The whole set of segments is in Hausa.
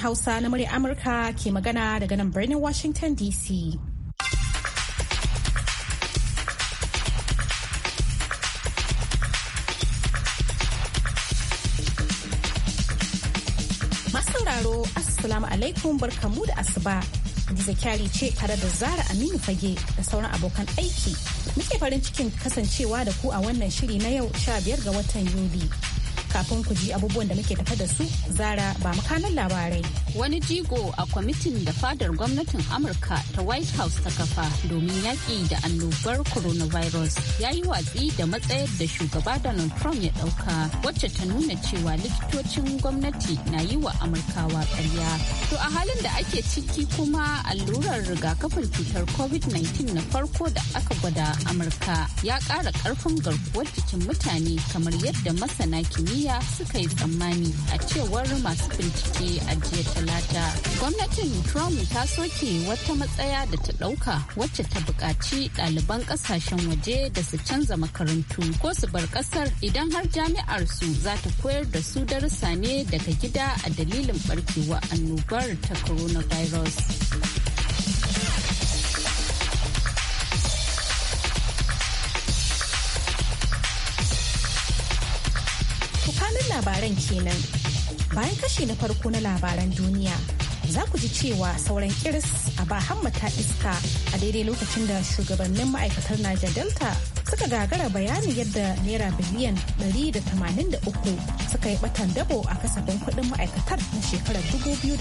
Hausa na murya Amurka ke magana daga nan birnin Washington DC. Masauraro, Assalamu alaikum barkamu da asuba. giza Kyari ce tare da Zara Aminu Fage da sauran abokan aiki. Muke farin cikin kasancewa da ku a wannan shiri na yau 15 ga watan Yuli. kafin ku ji abubuwan da muke tafa da su zara ba makanan labarai. Wani jigo a kwamitin da fadar gwamnatin Amurka ta White House ta kafa domin yaƙi da annobar coronavirus ya yi watsi da matsayar da shugaba Donald Trump ya ɗauka wacce ta nuna cewa likitocin gwamnati na yi wa Amurkawa ƙarya. To a halin da ake ciki kuma allurar rigakafin cutar COVID-19 na farko da aka gwada Amurka ya ƙara ƙarfin garkuwar jikin mutane kamar yadda masana kimiyya tarayya suka yi tsammani a cewar masu bincike a jiya talata gwamnatin trump ta soke wata matsaya da ta dauka wacce ta buƙaci ɗaliban ƙasashen waje da su canza makarantu ko su bar ƙasar idan har jami'ar su za ta koyar da su darussa ne daga gida a dalilin barkewa annobar ta coronavirus. labaran kenan. Bayan kashi na farko na labaran duniya, za ku ji cewa sauran kiris a ba ta iska a daidai lokacin da shugabannin ma'aikatar Niger Delta suka gagara bayanin yadda naira biliyan 183 suka yi batan dabo a kasafin kuɗin ma'aikatar na shekarar 2019.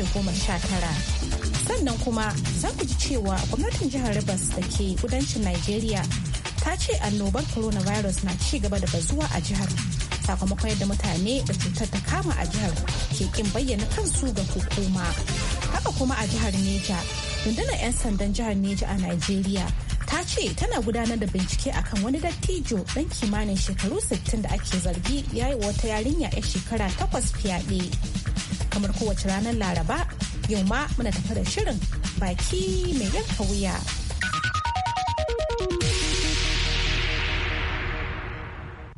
sannan kuma za ku ji cewa gwamnatin jihar Rivers da ke kudancin Najeriya ta ce annobar coronavirus na ci gaba da bazuwa a jihar sakamakon yadda mutane da cutar ta kama a jihar ke kin bayyana kansu ga hukuma haka kuma a jihar neja rundunar 'yan sandan jihar neja a nigeria ta ce tana gudanar da bincike akan wani dattijo dan kimanin shekaru 60 da ake zargi ya yi wata yarinya 'yan shekara takwas fyaɗe kamar kowace ranar laraba yau ma muna tafi da shirin baki mai yanka wuya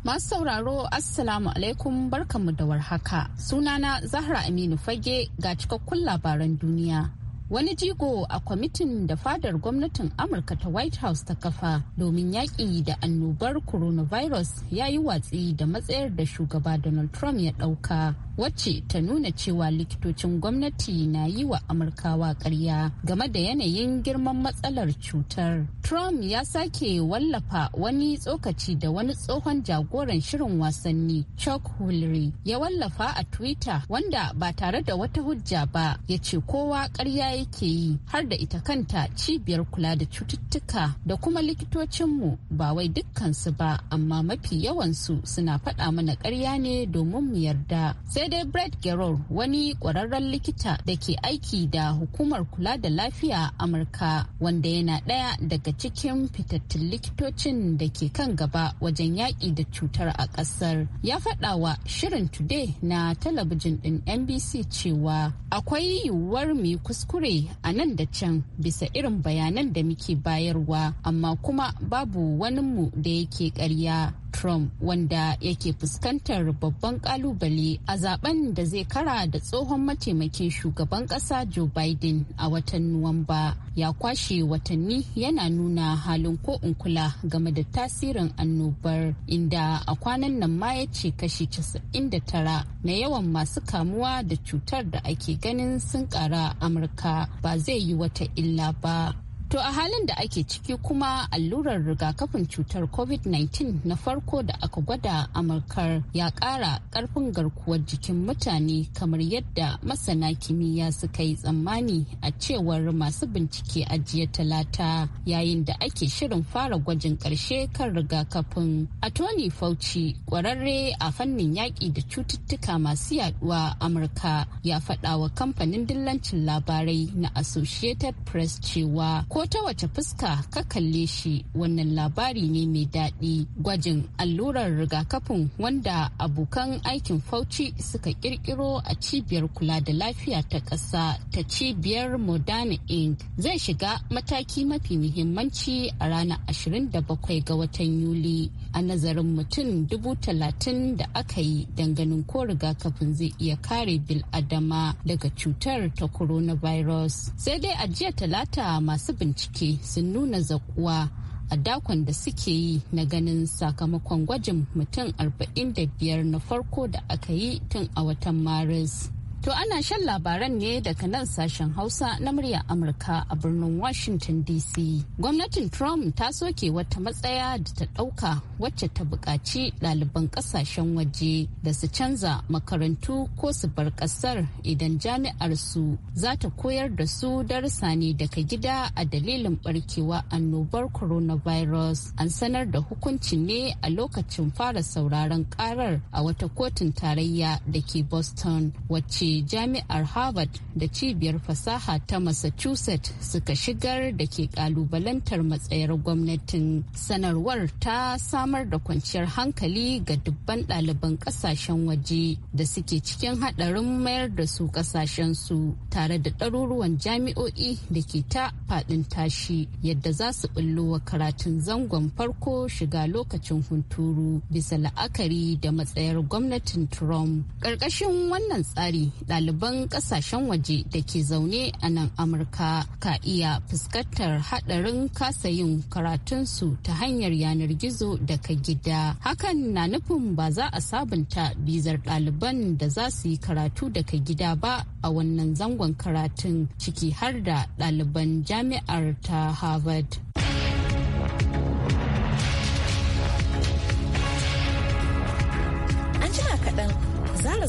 Masu sauraro Assalamu alaikum barkanmu da warhaka. Sunana Zahra Aminu Fage ga cikakkun labaran duniya. Wani jigo a kwamitin da fadar gwamnatin Amurka ta White House ta kafa domin yaƙi da annobar coronavirus ya yi watsi da matsayar da shugaba Donald Trump ya ɗauka wacce ta nuna cewa likitocin gwamnati na yi wa amurkawa karya game da yanayin girman matsalar cutar trump ya sake wallafa wani tsokaci da wani tsohon jagoran shirin wasanni chuck hillary ya wallafa a twitter wanda ba tare da wata hujja ba ya ce kowa karya yake yi har da ita kanta cibiyar kula da cututtuka da kuma likitocinmu ba wai dukkansu ba amma mafi yawansu suna faɗa mana karya ne domin mu yarda sai dai brett Gerrard wani kwararren likita da ke aiki da hukumar kula da lafiya a amurka wanda yana ɗaya daga cikin fitattun likitocin da ke kan gaba wajen yaƙi da cutar a ƙasar ya faɗa wa shirin today na talabijin ɗin nbc cewa akwai yiwuwar mu kuskure a nan da can bisa irin bayanan da muke bayarwa amma kuma babu wani mu da yake ƙarya Trump wanda yake fuskantar babban kalubale a zaben da zai kara da tsohon mataimakin shugaban kasa Joe Biden a watan Nuwamba ya kwashe watanni yana nuna halin ko in kula game da tasirin annobar inda a kwanan nan ma ya ce kashi 99 na yawan masu kamuwa da cutar da ake ganin sun kara Amurka ba zai yi wata illa ba. To a halin da ake ciki kuma allurar rigakafin cutar COVID-19 na farko da aka gwada Amurkar ya ƙara ƙarfin garkuwar jikin mutane kamar yadda masana kimiyya suka yi tsammani a cewar masu bincike a jiya talata yayin da ake shirin fara gwajin ƙarshe kan rigakafin. A Tony Fauci ƙwararre a fannin yaƙi da cututtuka masu yaɗuwa Amurka ya faɗawa kamfanin dillancin labarai na Associated Press cewa ko ko ta wace fuska ka kalle shi wannan labari ne mai daɗi gwajin allurar rigakafin wanda abokan aikin fauci suka kirkiro a cibiyar kula da lafiya ta ƙasa ta cibiyar moderna inc zai shiga mataki mafi muhimmanci a ranar 27 ga watan yuli a nazarin mutum dubu talatin da aka yi danganin ko rigakafin zai iya kare biladama daga cutar ta coronavirus sai dai a talata masu bincike bincike sun nuna zakuwa a dakon da suke yi na ganin sakamakon gwajin mutum 45 na farko da aka yi tun a watan maris To ana shan labaran ne daga nan sashen Hausa na murya Amurka a birnin Washington DC. Gwamnatin Trump ta soke wata matsaya da ta ɗauka wacce ta buƙaci ɗaliban ƙasashen waje da su canza makarantu ko su bar ƙasar idan jami'ar su za ta koyar da su darussa ne daga gida a dalilin barkewa annobar coronavirus. An sanar da hukunci ne a lokacin fara sauraron ƙarar a wata kotun tarayya da ke Boston wacce jami'ar harvard da cibiyar fasaha ta massachusetts suka shigar da ke kalubalantar matsayar gwamnatin sanarwar ta samar da kwanciyar hankali ga dubban ɗaliban ƙasashen waje da suke cikin haɗarin mayar da su ƙasashensu tare da ɗaruruwan jami'o'i da ke ta faɗin tashi yadda za su wa karatun zangon farko shiga lokacin hunturu bisa la'akari da matsayar gwamnatin trump ƙarƙashin wannan tsari ɗaliban ƙasashen waje da ke zaune a nan amurka ka iya fuskantar haɗarin kasa yin karatunsu ta hanyar yanar gizo daga gida hakan na nufin ba za a sabunta bizar ɗaliban da za su yi karatu daga gida ba a wannan zangon karatun ciki har da ɗaliban jami'ar ta harvard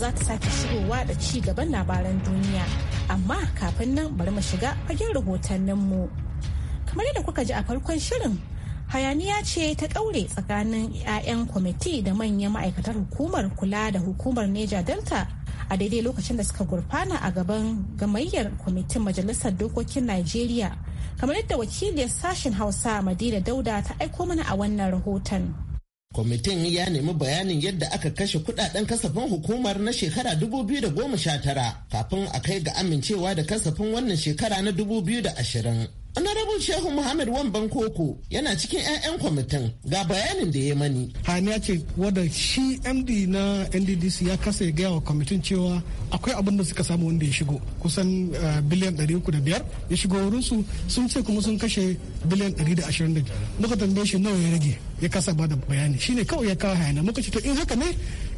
za ta sake shigowa da ci gaban labaran duniya. Amma kafin nan bari mu shiga fagen rahotanninmu. Kamar yadda kuka ji a farkon shirin hayaniya ce ta kaure tsakanin 'ya'yan kwamiti da manyan ma'aikatar hukumar kula da hukumar neja delta a daidai lokacin da suka gurfana a gaban gamayyar kwamitin majalisar dokokin najeriya kamar yadda wakiliyar sashen hausa madina dauda ta aiko mana a wannan rahoton. Kwamitin ya nemi bayanin yadda aka kashe kudaden kasafin hukumar na shekara 2019 kafin a kai ga amincewa da kasafin wannan shekara na 2020. Honorable Shehu Muhammad Wamban Koko yana cikin 'ya'yan kwamitin ga bayanin da ya mani. hani ya ce wadda shi MD na NDDC ya kasa ya gaya wa kwamitin cewa akwai abin da suka samu wanda ya shigo kusan eh, biliyan 305 ya shigo wurinsu sun ce kuma sun kashe biliyan 125 muka tambaye shi nawa ya rage ya kasa ba da bayani shine kawai ya kawo hayana muka ce to in haka ne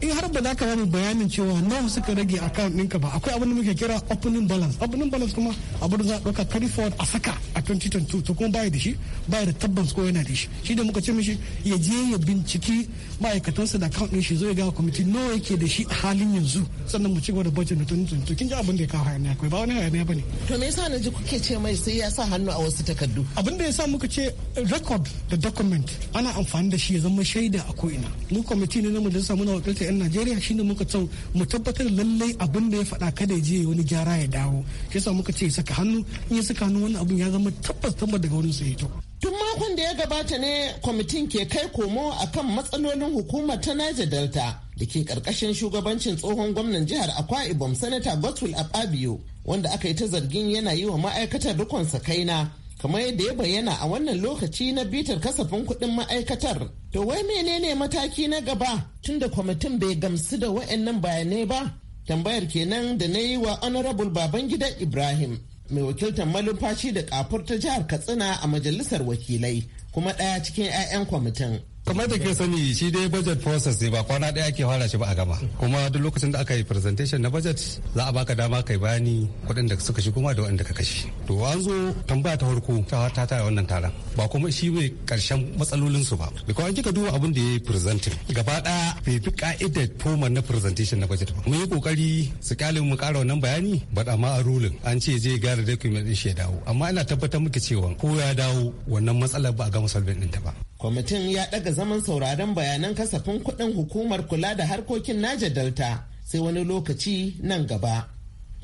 in har ba za ka bani bayanin cewa nawa suka rage kan ɗinka ba akwai abin da muke kira opening balance opening balance kuma abin da za a ɗauka carry forward a saka a 2022 to kuma baya da shi baya da tabbas ko yana da shi shi da muka ce mishi ya je ya binciki ma'aikatansa da account ɗin shi zo ya ga kwamiti nawa yake da shi a halin yanzu sannan mu ci gaba da budget na 2022 kin ji abin da ya kawo hayaniya akwai ba wani hayaniya bane to me yasa na ji kuke ce mai sai ya sa hannu a wasu takardu abin da ya sa muka ce record da document ana amfani da shi ya zama shaida a ko ina mu kwamiti ne na majalisa muna wakilta ga 'yan najeriya shine muka tsau mu tabbatar lallai abin da ya faɗa kada ya je wani gyara ya dawo shi yasa muka ce saka hannu in ya saka hannu wani abin ya zama tabbas tabbas daga wurin su ya to tun makon da ya gabata ne kwamitin ke kai komo akan matsalolin hukumar ta niger delta da ke karkashin shugabancin tsohon gwamnan jihar akwa ibom sanata godswill ababio wanda aka yi ta zargin yana yi wa ma'aikatar rikon sakaina kamar yadda ya bayyana a wannan lokaci na bitar kasafin kuɗin ma'aikatar to wai menene mataki na gaba tunda kwamitin bai gamsu da wa'annan bayanai ba tambayar kenan da na yi wa honorable babangida ibrahim mai wakiltar malumfashi da kafur ta jihar katsina a majalisar wakilai kuma ɗaya cikin 'ya'yan kwamitin kamar da ke sani shi dai budget process ne ba kwana ɗaya ake fara shi ba a gama kuma duk lokacin da aka yi presentation na budget za a baka dama kai bayani kuɗin da suka shigo kuma da waɗanda ka kashe to an zo tambaya ta farko ta ta tara wannan taron ba kuma shi mai karshen matsalolin su ba because an kika duba abin da ya yi presenting gaba ɗaya bai fi ka'idar format na presentation na budget ba mun yi kokari su kyale mu ƙara wannan bayani ba ma a ruling an ce zai gyara document din shi ya dawo amma ina tabbatar muke cewa ko ya dawo wannan matsalar ba a gama solving ɗinta ba kwamitin ya daga zaman sauraron bayanan kasafin kudin hukumar kula da harkokin naja delta sai wani lokaci nan gaba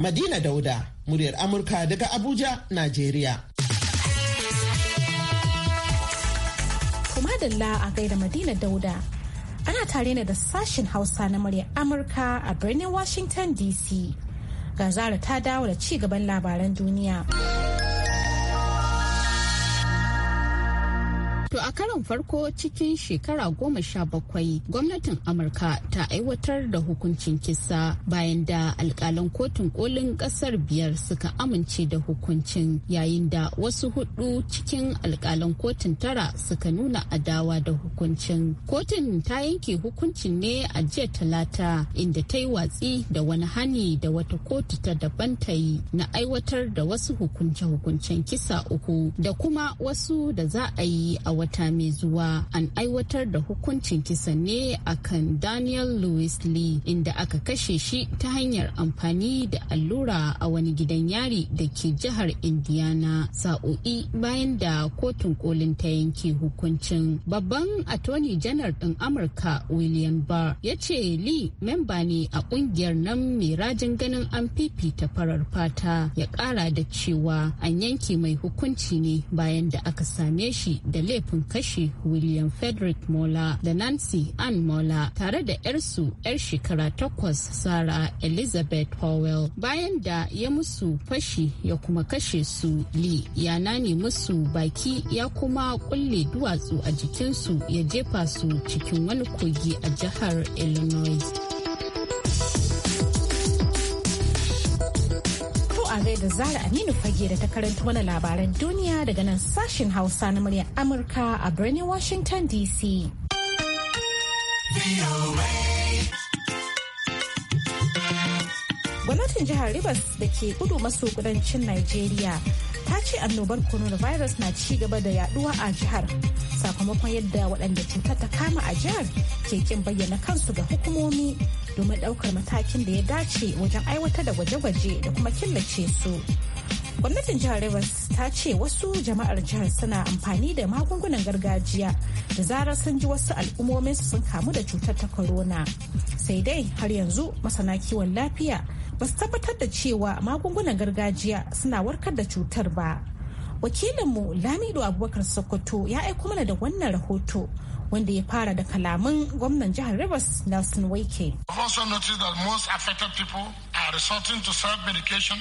madina dauda muryar amurka daga abuja najeriya kuma a gaida madina dauda ana tare ne da sashen hausa na muryar amurka a birnin washington dc ga zara ta dawo da ci gaban labaran duniya. a karon farko cikin shekara goma sha bakwai gwamnatin Amurka ta aiwatar da hukuncin kisa bayan da alkalan kotun kolin kasar biyar suka amince da hukuncin yayin da wasu hudu cikin alkalan kotun tara suka nuna adawa da hukuncin. Kotun ta yanke hukuncin ne a jiya talata inda ta yi watsi da wani hani da wata kotu ta daban ta yi na aiwatar da wasu hukunce-hukuncen kisa uku da kuma wasu da za a yi a wata talata mai zuwa an aiwatar da hukuncin kisa ne akan daniel louis lee inda aka kashe shi ta hanyar amfani da allura a wani gidan yari da ke jihar indiana sa'o'i bayan da kotun kolin ta yanke hukuncin babban attorney janar ɗin amurka william barr ya ce lee memba ne a ƙungiyar nan mai rajin ganin an ta farar fata ya ƙara da cewa an yanke mai hukunci ne bayan da aka same shi da laifin kashe william frederick mola da nancy ann mola tare da 'yarsu 'yar shekara takwas sarah elizabeth howell bayan da ya musu fashi ya kuma kashe su lee ya nani musu baki ya kuma kulle duwatsu a jikinsu ya jefa su cikin wani kogi a jihar illinois a da Zara Aminu Fage da ta karanta mana labaran duniya daga nan sashen Hausa na muryar Amurka a birnin Washington DC. Gwamnatin jihar Rivers da ke gudu maso kudancin Najeriya ta ce annobar coronavirus na ci gaba da yaduwa a jihar sakamakon yadda waɗanda cutar ta kama a jihar ke kin bayyana kansu ga hukumomi domin ɗaukar matakin da ya dace wajen aiwatar da gwaje-gwaje da kuma killace su. gwamnatin jihar rivers ta ce wasu jama'ar jihar suna amfani da magungunan gargajiya da zarar sun ji wasu al'ummomin su sun kamu da cutar ta corona sai dai har yanzu masana kiwon lafiya ba su tabbatar da cewa magungunan gargajiya suna warkar da cutar ba wakilinmu lamido abubakar sokoto ya aiko mana da wannan rahoto wanda ya fara da kalaman gwamnan jihar Rivers Nelson wake also that most affected people are to medication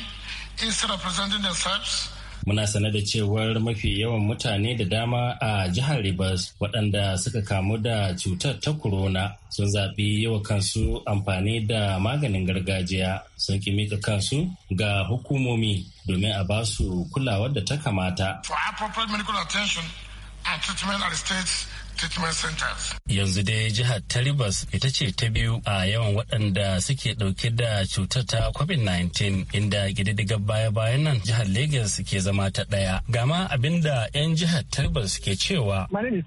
instead of presenting themselves Muna sane da cewar mafi yawan mutane da dama a jihar Rivers waɗanda suka kamu da cutar ta corona sun zaɓi yawa kansu amfani da maganin gargajiya sun ki mika kansu ga hukumomi domin a basu kulawar da ta kamata. For appropriate medical attention and treatment at states treatment centers. Yanzu dai jihar taribas ita ce ta biyu a yawan waɗanda suke ɗauke da cutar ta COVID-19 inda gidigar baya-bayan nan jihar Legas ke zama ta ɗaya. Gama abin da 'yan jihar ta ke cewa. My name is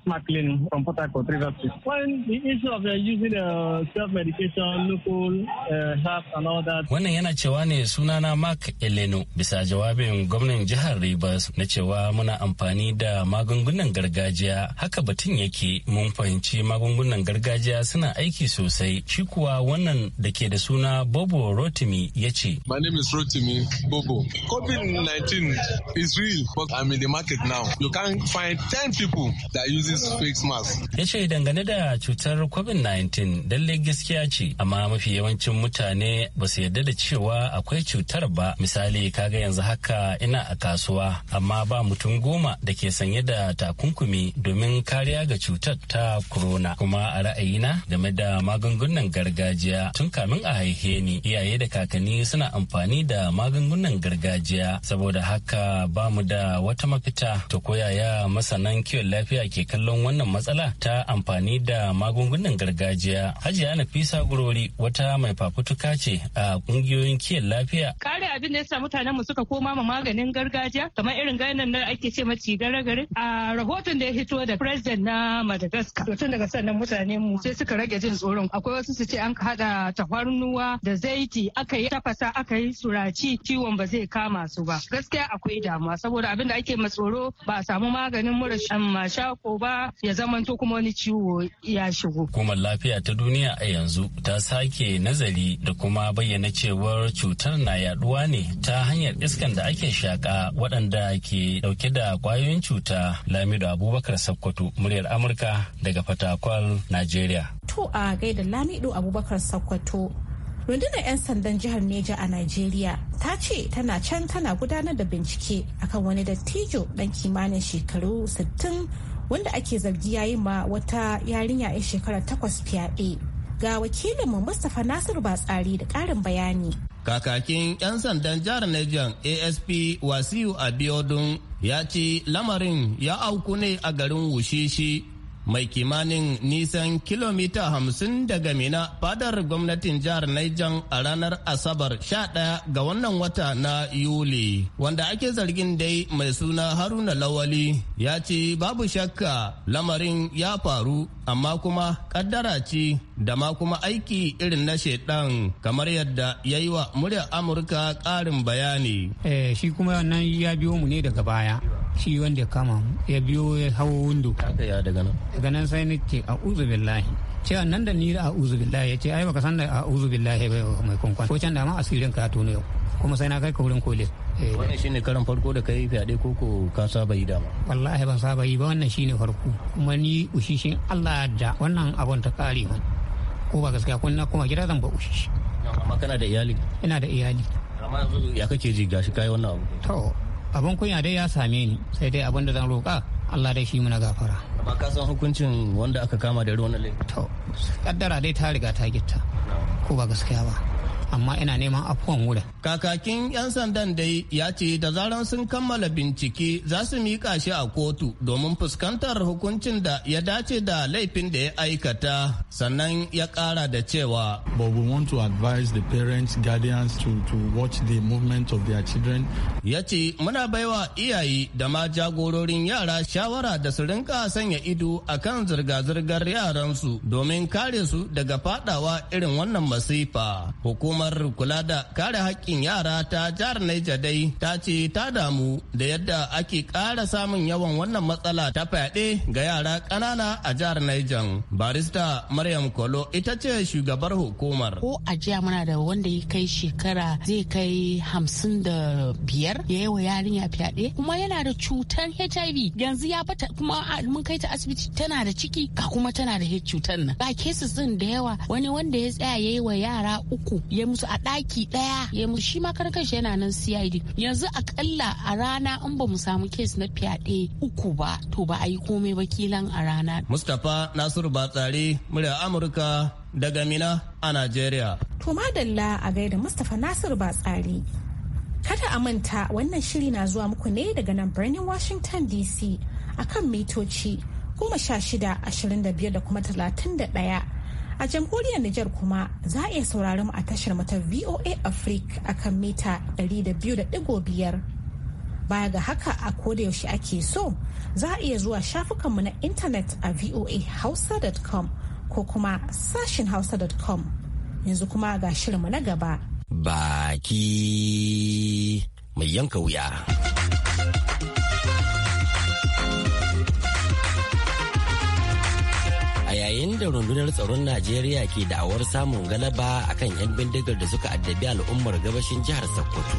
Wannan yana cewa ne sunana Mark Eleno bisa jawabin gwamnan jihar Rivers na cewa muna amfani da magungunan gargajiya haka batun yake ciki mun fahimci magungunan gargajiya suna aiki sosai shi kuwa wannan da ke da suna bobo rotimi ya ce my name is rotimi bobo covid-19 is real but i'm in the market now you can find 10 people that uses face mask ya ce dangane da cutar covid-19 lallai gaskiya ce amma mafi yawancin mutane ba su yarda da cewa akwai cutar ba misali kaga yanzu haka ina a kasuwa amma ba mutum goma da ke sanye da takunkumi domin kariya ga cutar cutar ta corona kuma a ra'ayina game da magungunan gargajiya tun kamin a haihe ni iyaye da kakanni suna amfani da magungunan gargajiya saboda haka ba mu da wata mafita ta koyaya masanan kiwon lafiya ke kallon wannan matsala ta amfani da magungunan gargajiya hajiya nafisa gurori wata mai fafutuka ce a kungiyoyin kiwon lafiya kare abin da ya sa mutanen mu suka koma ma maganin gargajiya kamar irin ganin da ake ce maci gare gare a rahoton da ya hito da president na ma Madagascar. To tun daga sannan mutane mu sai suka rage jin tsoron. Akwai wasu su ce an hada tafarnuwa da zaiti aka yi tafasa aka yi suraci ciwon ba zai kama su ba. Gaskiya akwai damuwa saboda abin da ake matsoro ba a samu maganin mura mashako ba ya zamanto kuma wani ciwo ya shigo. Hukumar lafiya ta duniya a yanzu ta sake nazari da kuma bayyana cewar cutar na yaduwa ne ta hanyar iskan da ake shaka waɗanda ke dauke da kwayoyin cuta. Lamido Abubakar Sakkwato muryar Amurka. Amurka daga Fatakwal, Najeriya. To a gaida Lamido Abubakar Sokoto. Rundunar 'yan sandan jihar Neja a Najeriya ta ce tana can tana gudanar da bincike akan wani dattijo dan kimanin shekaru 60 wanda ake zargi yayi ma wata yarinya 'yan shekara takwas fyaɗe. Ga wakilinmu Mustapha Nasiru Batsari da ƙarin bayani. Kakakin 'yan sandan jihar Neja ASP Wasiu Abiodun ya ce lamarin ya auku ne a garin Wushishi mai kimanin nisan kilomita hamsin daga mina fadar gwamnatin jihar Niger a ranar Asabar Sha 11 ga wannan wata na Yuli wanda ake zargin dai mai suna Haruna Lawali ya ce babu shakka lamarin ya faru amma kuma kaddara ce da ma kuma aiki irin na shaidan kamar yadda ya yi wa muryar amurka karin bayani eh shi kuma nan ya biyo mu ne daga baya shi wanda kama ya biyo ya hawo windo daga nan sai ni ce a uzu billahi ce nan da ni da a uzu billahi ya ce ai baka san da a uzu billahi ba mai kwankwan ko can da ma asirin ka tono yau kuma sai na kai ka wurin kolis Eh, wannan shine karan farko da kai fyaɗe ko ko ka saba yi dama wallahi ban saba yi ba wannan shine farko kuma ni ushishin Allah da wannan abun ta kare ba ko ba gaskiya kun na kuma gida zan ba ushishi amma kana da iyali ina da iyali amma ya kake ji gashi kai wannan abu to abun kunya dai ya same ni sai dai abun da zan roka Allah dai shi muna gafara amma ka san hukuncin wanda aka kama da ruwan laifi to kaddara dai ta riga ta gitta ko ba gaskiya ba amma ina neman afuwan wurin. Kakakin 'yan sandan dai ya ce da zaran sun kammala bincike za su miƙa shi a kotu domin fuskantar hukuncin da ya dace da laifin da ya aikata sannan ya ƙara da cewa. But we want to advise the parents, guardians to, to watch the movement of their children. Ya ce muna baiwa iyaye da ma jagororin yara shawara da su rinka sanya ido a kan zirga-zirgar yaransu domin kare su daga fadawa irin wannan masifa. hukuma. hukumar kula da kare hakkin yara ta jihar Niger dai ta ce ta damu da yadda ake ƙara samun yawan wannan matsala ta fyaɗe ga yara ƙanana a jihar Niger. Barista Maryam Kolo ita ce shugabar hukumar. Ko a jiya muna da wanda ya kai shekara zai kai hamsin da biyar ya yi wa yarinya fyaɗe kuma yana da cutar HIV yanzu ya bata kuma mun kai ta asibiti tana da ciki ka kuma tana da cutar nan. ba cases ɗin da yawa wani wanda ya tsaya ya yi wa yara uku ya musu a ɗaki ɗaya ya musu shi ma kanshi yana nan CID yanzu akalla a rana in ba mu samu kes na fyaɗe uku ba to ba a yi komai ba kilan a rana. Mustapha Nasiru Batsari murya Amurka daga Mina a Najeriya. To madalla a gaida Mustapha Nasiru Batsari. Kada a manta wannan shiri na zuwa muku ne daga nan birnin Washington DC akan mitoci goma sha shida ashirin da biyar da kuma talatin da ɗaya. A jamhuriyar Nijar kuma za a iya sauraron mu a tashar mata VOA Africa akan mita 200.5. Baya ga haka a kodayaushe ake so za a iya zuwa shafukanmu na intanet a voahausa.com ko kuma sashin hausa.com. Yanzu kuma ga shirinmu na gaba. Baki mai yanka wuya. yayin da rundunar tsaron najeriya ke da'awar samun galaba a kan 'yan bindigar da suka addabi al'ummar gabashin jihar sokoto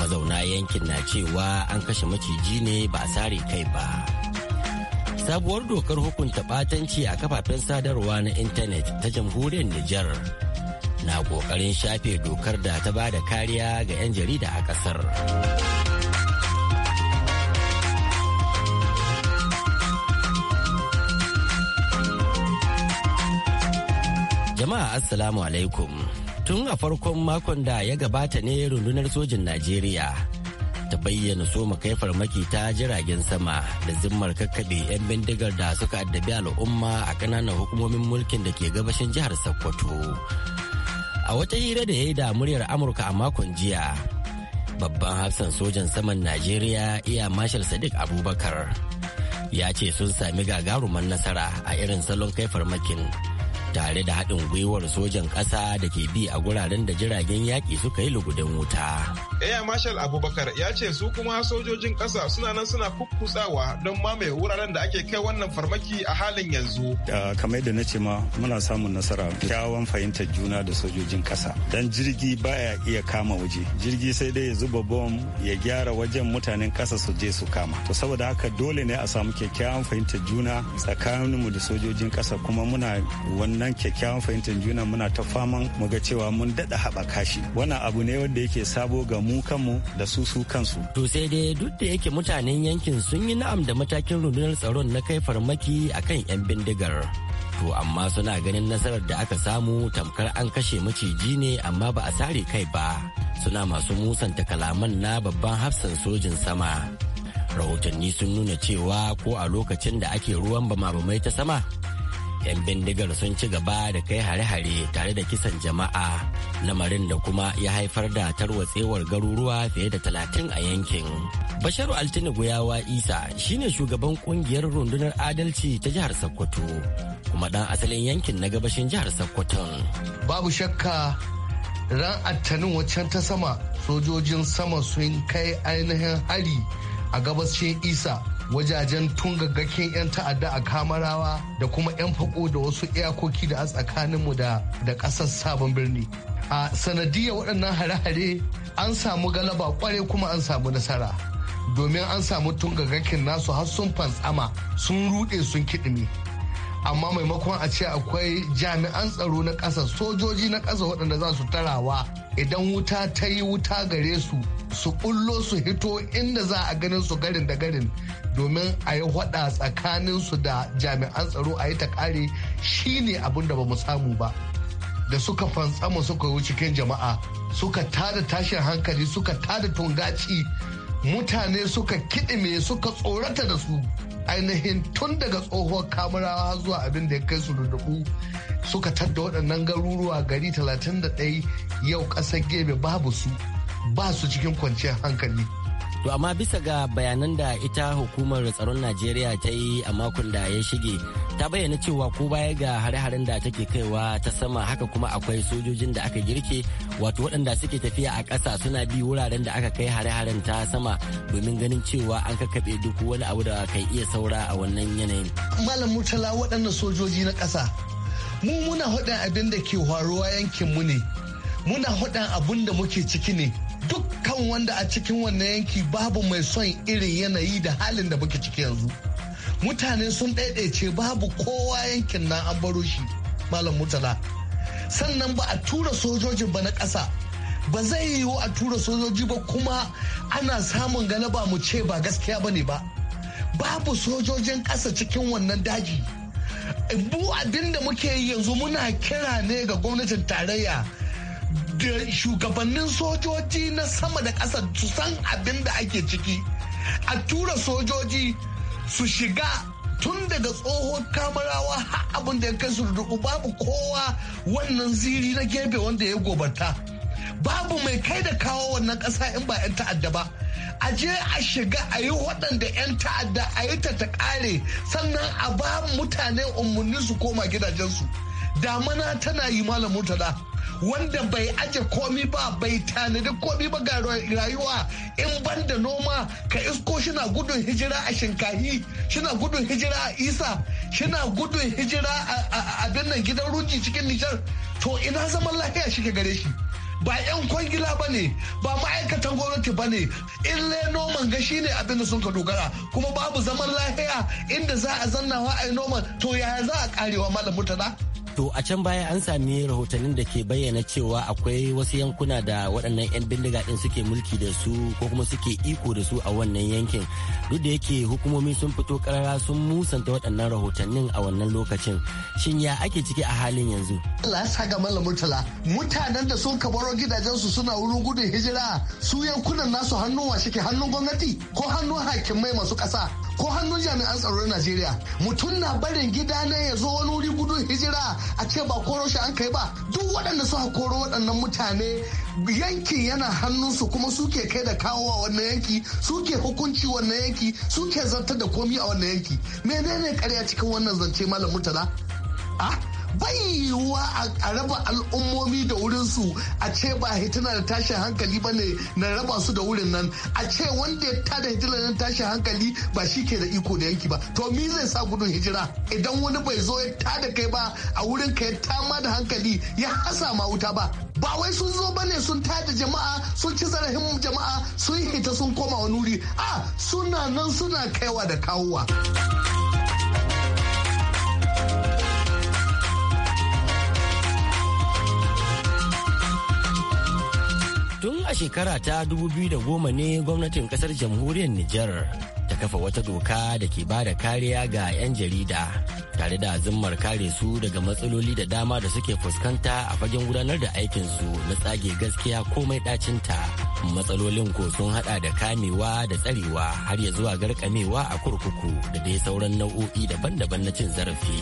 mazauna yankin na cewa an kashe maciji ne ba a sare kai ba sabuwar dokar hukunta batanci a kafafen sadarwa na intanet ta jamhuriyar nijar na ƙoƙarin shafe dokar da ta ba da kariya ga 'yan jarida a ƙasar. Jama'a Assalamu alaikum. Tun a farkon makon da ya gabata ne rundunar sojin Najeriya ta bayyana so kai farmaki ta jiragen sama da zimmar kakkaɓe 'yan bindigar da suka addabi al'umma a ƙananan hukumomin mulkin da ke gabashin jihar Sokoto. A wata hira da ya yi da muryar Amurka a makon jiya, babban hafsan sojan saman Najeriya iya Marshal Sadiq Abubakar ya ce sun sami gagaruman nasara a irin salon kai farmakin tare da haɗin gwiwar sojan ƙasa da ke bi a guraren da jiragen yaƙi suka yi lugudin wuta. Eya Marshal Abubakar ya ce su kuma sojojin ƙasa suna nan suna kukkutsawa don mamaye wuraren da ake kai wannan farmaki a halin yanzu. Kamar yadda na ce ma muna samun nasara kyawawan fahimtar juna da sojojin ƙasa. Dan jirgi baya iya kama waje. Jirgi sai dai ya zuba bom ya gyara wajen mutanen ƙasa su je su kama. To saboda haka dole ne a samu kyakkyawan fahimtar juna tsakaninmu da sojojin ƙasa kuma muna wannan wannan kyakkyawan fahimtar juna muna ta faman mu ga cewa mun daɗa haɓaka shi wannan abu ne wanda yake sabo ga mu kanmu da su su kansu. To sai dai duk da yake mutanen yankin sun yi na'am da matakin rundunar tsaron na kai farmaki akan 'yan bindigar. To amma suna ganin nasarar da aka samu tamkar an kashe maciji ne amma ba a sare kai ba. Suna masu musanta kalaman na babban hafsan sojin sama. Rahotanni sun nuna cewa ko a lokacin da ake ruwan bama ta sama 'yan bindigar sun ci gaba da kai hare-hare tare da kisan jama'a lamarin da kuma ya haifar da tarwatsewar garuruwa fiye da talatin a yankin Bashar altini guyawa isa shine shugaban kungiyar rundunar adalci ta jihar sokoto kuma dan asalin yankin na gabashin jihar sokoto babu shakka ran attanin waccan ta sama sojojin sama sun kai ainihin hari a gabashin isa wajajen gaggakin 'yan ta'adda a kamarawa da kuma 'yan fako da wasu iyakoki da a tsakaninmu da ƙasar sabon birni a sanadiyar waɗannan hare-hare an samu galaba kware kuma an samu nasara domin an samu gaggakin nasu har sun fantsama sun ruɗe sun kiɗime amma maimakon a ce akwai jami'an tsaro na ƙasa sojoji na ƙasa waɗanda za su tarawa idan wuta ta yi wuta gare su su ɓullo su hito inda za a ganin su garin da garin domin a yi hada tsakanin da jami'an tsaro a yi ta kare shine abin da ba mu samu ba da suka fantsama suka yi cikin jama'a suka tada tashin hankali suka tada tungaci mutane suka kiɗime suka tsorata da su ainihin tun daga tsohuwar kamarawa har zuwa abin da ya kai su rudubu suka tadda waɗannan garuruwa gari 31 yau ƙasar gebe babu su ba su cikin kwanciyar hankali To amma bisa ga bayanan da ita hukumar tsaron Najeriya ta yi a makon da ya shige ta bayyana cewa ko baya ga hare-haren da take kaiwa ta sama haka kuma akwai sojojin da aka girke wato waɗanda suke tafiya a ƙasa suna bi wuraren da aka kai hare-haren ta sama domin ganin cewa an kakkaɓe duk wani abu da kai iya saura a wannan yanayin. Malam Murtala waɗannan sojoji na ƙasa mu muna haɗa abin da ke faruwa yankin mu ne muna haɗa abin da muke ciki ne dukkan wanda a cikin wannan yanki babu mai son irin yanayi da halin da muke ciki yanzu mutane sun ɗaiɗaice babu kowa yankin na an baro shi malam mutala sannan ba a tura sojoji ba na ƙasa ba zai yiwu a tura sojoji ba kuma ana samun galaba mu ce ba gaskiya ba ne ba babu sojojin ƙasa cikin wannan daji bu abin da muke yi yanzu muna kira ne ga gwamnatin tarayya shugabannin sojoji na sama da ƙasa su san abin da ake ciki a tura sojoji su shiga tun daga tsohon kamarawa har abin da ya kai su babu kowa wannan ziri na gefe wanda ya gobata babu mai kai da kawo wannan ƙasa in ba 'yan ta'adda ba a je a shiga a yi waɗanda 'yan ta'adda a yi ta ta ƙare sannan a ba mutane umarni su koma gidajensu damana tana yi malam murtala wanda bai ajiye komi ba bai tanadi komi ba ga rayuwa in ban da noma ka isko shina gudun hijira a shinkahi shina gudun hijira a isa shina gudun hijira a abin gidan ruji cikin nijar to ina zaman lafiya shi gare shi ba 'yan kwangila ba ne ba ma'aikatan gwamnati ba ne ille noman ga shine abin da sun ka dogara kuma babu zaman lafiya inda za a zannawa a yi noman to yaya za a karewa malam mutana To a can baya an sami rahotannin da ke bayyana cewa akwai wasu yankuna da waɗannan 'yan bindiga ɗin suke mulki da su ko kuma suke iko da su a wannan yankin. Duk da yake hukumomi sun fito karara sun musanta waɗannan rahotannin a wannan lokacin. Shin ya ake ciki a halin yanzu? Allah ya ga malam Murtala. mutanen da sun kabaro gidajensu suna wurin gudun hijira su yankunan nasu hannun wa shike hannun gwamnati ko hannun hakimai masu ƙasa ko hannun jami'an tsaron Najeriya mutum na barin gida ne ya zo wani wuri gudun hijira a ce ba koro shi an kai ba duk waɗanda suka koro waɗannan mutane Yanki yana hannunsu kuma suke kai da kawo a wannan yanki suke hukunci wannan yanki suke zartar da komi a wannan yanki menene karya cikin wannan zance malam mutala ah? bai yiwuwa a raba al'ummomi da wurinsu a ce ba hitina da tashin hankali ba ne na raba su da wurin nan a ce wanda ya tada hitina da tashin hankali ba shi ke da iko da yanki ba to mi zai sa gudun hijira idan wani bai zo ya tada kai ba a wurin ka ya tama da hankali ya hasa ma wuta ba ba wai sun zo bane sun tada jama'a sun ci zarafin jama'a sun hita sun koma wani wuri a suna nan suna kaiwa da kawowa. a shekara ta dubu da goma ne gwamnatin kasar jamhuriyar Nijar ta kafa wata doka da ke ba da kariya ga 'yan jarida tare da zimmar kare su daga matsaloli da dama da suke fuskanta a fagen gudanar da aikinsu na tsage gaskiya komai ɗacinta. matsalolin ko sun hada da kamewa da tsarewa har ya zuwa garkamewa a kurkuku da dai sauran nau'o'i daban-daban na cin zarafi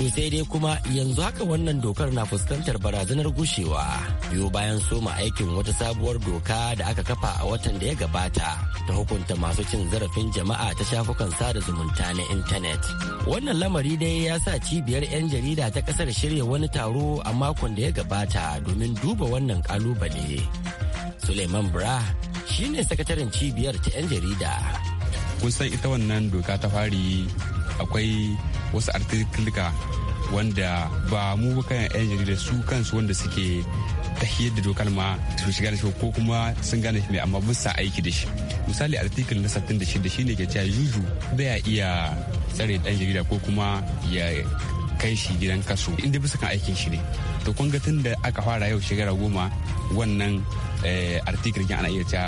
to sai dai kuma yanzu haka wannan dokar na fuskantar barazanar gushewa biyo bayan soma aikin wata sabuwar doka da aka kafa a watan da ya gabata ta hukunta masu cin zarafin jama'a ta shafukan sada zumunta na intanet wannan lamari dai ya sa cibiyar 'yan jarida ta kasar shirya wani taro a makon da ya gabata domin duba wannan kalubale Suleiman Bra ne sakataren cibiyar ta 'yan jarida. Kusan ita wannan doka ta fari akwai wasu artikulika wanda ba mu kan 'yan jarida su kansu wanda suke tahiyar da dokar ma su shiga da shi ko kuma sun gane shi ne amma bin sa aiki da shi misali artikul na 66 ne ke cewa juju baya iya tsare dan jarida ko kuma ya kai shi gidan kaso inda bisa kan aikin shi ne to kun ga tun da aka fara yau shekara goma wannan eh, article ana iya ta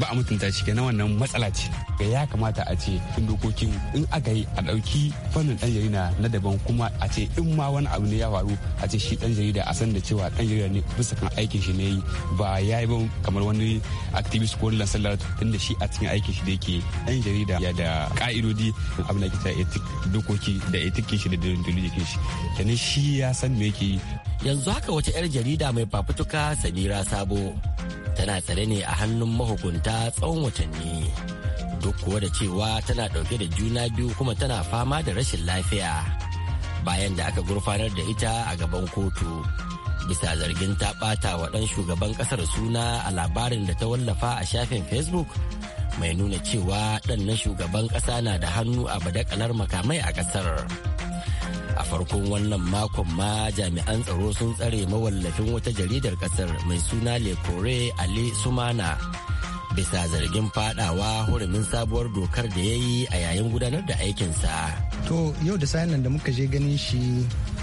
ba a mutunta shi kenan wannan matsala ce ga ya kamata a ce in dokokin in aka yi a ɗauki fannin ɗan jarida na daban kuma a ce in ma wani abu ne ya faru a ce shi ɗan jarida a san da cewa ɗan jarida ne bisa kan aikin shi ne ba ya yi ba kamar wani activist ko wani sallar tunda shi a cikin aikin shi da yake ɗan jarida ya da ka'idodi abin da ke ta dokoki da etikin shi da dalilin shi kenan shi ya san me yake yi yanzu haka wata 'yar jarida mai fafutuka samira sabo tana tsare ne a hannun mahukunta tsawon watanni duk kuwa da cewa tana dauke da juna biyu kuma tana fama da rashin lafiya bayan da aka gurfanar da ita a gaban kotu bisa zargin ta ɓata wa ɗan shugaban ƙasar suna a labarin da ta wallafa a shafin facebook mai nuna cewa ɗan na shugaban ƙasa na da hannu a badakalar makamai a ƙasar. a farkon wannan makon ma jami'an tsaro sun tsare mawallafin wata jaridar kasar mai suna lekore ali sumana bisa zargin fadawa hurumin sabuwar dokar da ya yi a yayin gudanar da aikinsa to yau da sayan da muka je ganin shi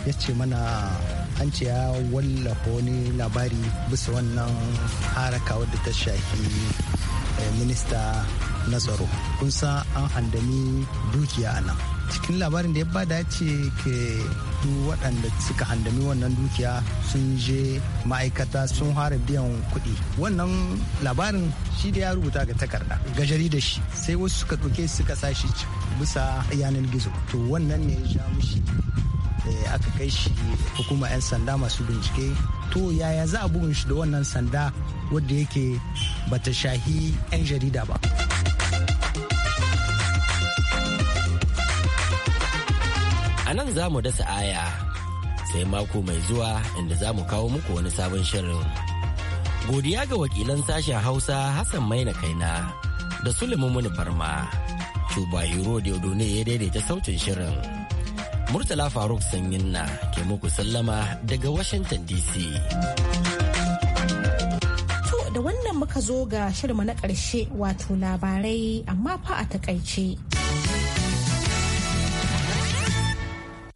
ya ce mana an ce ya wallafa wani labari bisa wannan haraka wadda ta shafi eh, minista na tsaro kun san an handami dukiya a nan cikin labarin da ya ba dace ke duk waɗanda suka handami wannan dukiya sun je ma'aikata sun fara biyan kuɗi wannan labarin shi da ya rubuta ga takarda ga jaridar shi sai wasu suka ɗauke suka sa shi bisa yanar gizo to wannan ne ya sha mushi eh, aka kai shi hukuma 'yan sanda masu bincike to yaya za a bugun shi da wannan sanda wadda yake bata shahi 'yan jarida ba. nan za mu dasa aya sai mako mai zuwa inda za mu kawo muku wani sabon shirin. Godiya ga wakilan sashen Hausa Hassan Maina Kaina da Muni Barma. Cuba Hero ne ya daidaita sautin shirin. Murtala Faruk na ke muku sallama daga Washington DC. To da wannan muka zo ga shirma na ƙarshe wato labarai amma fa a takaice.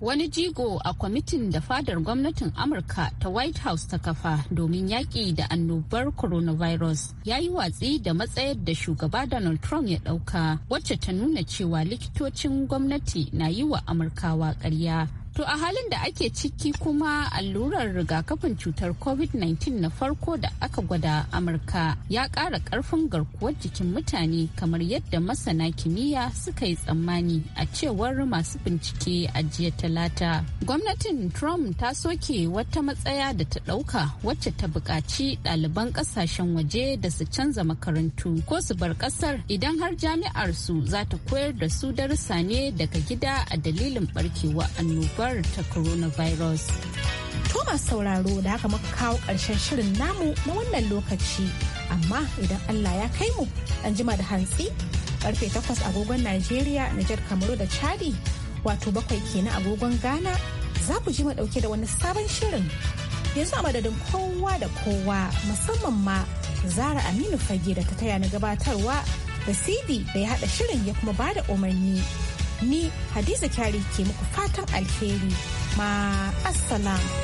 wani jigo a kwamitin da fadar gwamnatin amurka ta white house ta kafa domin yaƙi da annobar coronavirus ya yi watsi da matsayar da shugaba donald trump ya ɗauka wacce ta nuna cewa likitocin gwamnati na yi wa amurkawa ƙarya To a halin da ake ciki kuma allurar rigakafin cutar COVID-19 na farko da aka gwada Amurka ya ƙara ƙarfin garkuwar jikin mutane kamar yadda masana kimiyya suka yi tsammani a cewar masu bincike a jiya talata. Gwamnatin Trump ta soke wata matsaya da ta ɗauka wacce ta buƙaci ɗaliban ƙasashen waje da su canza makarantu ko su bar ƙasar idan har jami'ar su za ta koyar da su darussa ne daga gida a dalilin barkewa annobar annobar ta coronavirus. Thomas sauraro da haka muka kawo ƙarshen shirin namu na wannan lokaci amma idan Allah ya kai mu an jima da hantsi karfe takwas agogon Najeriya, Nijar Kamaru da Chadi wato bakwai kenan agogon Ghana za ku ji dauke da wani sabon shirin yanzu a madadin kowa da kowa musamman ma Zara Aminu Fage da ta taya na gabatarwa da CD da ya haɗa shirin ya kuma bada umarni. Ni Hadiza Kyari ke muku fatan alheri. Ma